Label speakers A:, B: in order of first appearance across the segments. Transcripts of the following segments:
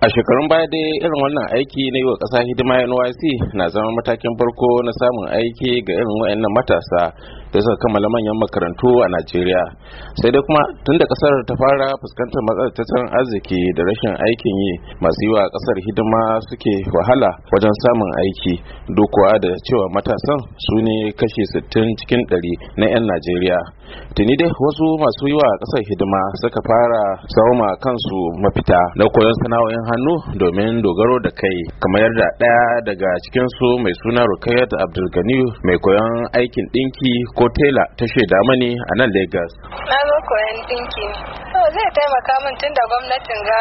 A: a shekarun baya dai irin wannan aiki na yi wa ƙasa hidima nyc na zama matakin farko na samun aiki ga irin wayannan matasa da suka kammala manyan makarantu a Najeriya sai dai kuma tun da kasar ta fara fuskantar matsalar arziki da rashin aikin yi masu yiwa wa kasar hidima suke wahala wajen samun aiki dokuwa da cewa matasan su ne kashi 60 cikin 100 na 'yan Najeriya tuni dai wasu masu yiwa wa kasar hidima suka fara sauma kansu mafita na koyon sana'o'in hannu domin dogaro da kai kamar yadda ɗaya daga cikinsu mai suna Rukayat Ganiyu mai koyon aikin ɗinki ko tela ta shaida mani a nan Lagos.
B: Na zo koyan dinki ne. To zai taimaka min tun da gwamnatin ga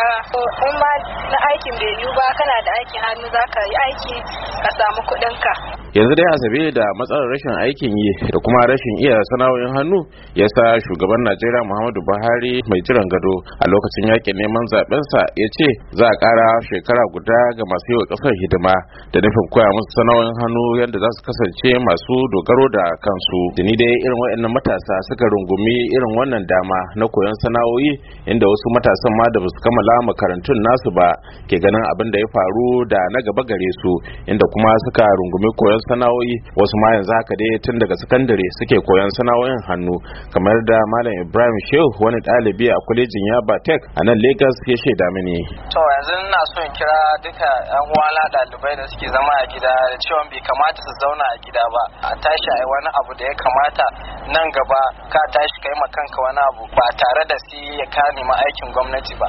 B: in ma na aikin bai yiwu ba kana da aikin hannu zaka yi aiki ka samu ka
A: yanzu dai a asabe da matsalar rashin aikin yi da kuma rashin iya sana'o'in hannu ya sa shugaban najeriya muhammadu buhari mai jiran gado a lokacin yakin neman zaɓensa ya ce za a kara shekara guda ga masu yi wa hidima da nufin koya musu sana'o'in hannu yadda za su kasance masu dogaro da kansu Da ni dai irin waɗannan matasa suka rungumi irin wannan dama na koyon sana'o'i inda wasu matasan ma da basu kammala makarantun nasu ba ke ganin abin da ya faru da na gaba gare su inda kuma suka rungumi koyon koyon sana'o'i wasu ma yanzu haka dai tun daga sakandare suke koyon sana'o'in hannu kamar da malam ibrahim shehu wani ɗalibi a kwalejin yaba tech a nan lagos ya shaida mini to yanzu
B: ina so in kira duka yan uwana ɗalibai da suke zama a gida da cewa bai kamata su zauna a gida ba a tashi a wani abu da ya kamata nan gaba ka tashi kai ma kanka wani abu ba tare da si ya ka nema aikin gwamnati ba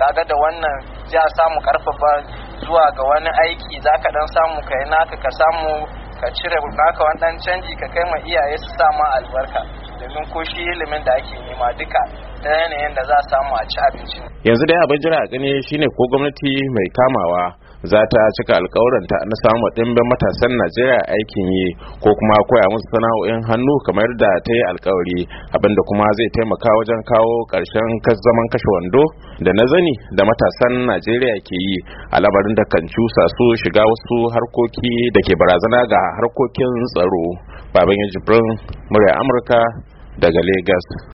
B: kaga da wannan ya samu karfafa zuwa ga wani aiki za ka dan samu ka yi naka ka samu ka cire naka wani dan canji ka kai ma iyaye su sama albarka domin ko shi ilimin da ake nema duka ta yanayin da za a samu a ci abinci
A: yanzu dai abin jira a gani shine ko gwamnati mai kamawa za ta cika alkawuranta na samu ɗimbin matasan najeriya aikin yi ko kuma koya musu sana'o'in hannu kamar da ta yi alkawari abinda kuma zai taimaka wajen kawo ƙarshen zaman kashe wando da na zani da matasan najeriya ke yi a labarin da kan cusa su shiga wasu harkoki da ke barazana ga harkokin tsaro baban ya murya amurka daga Legas.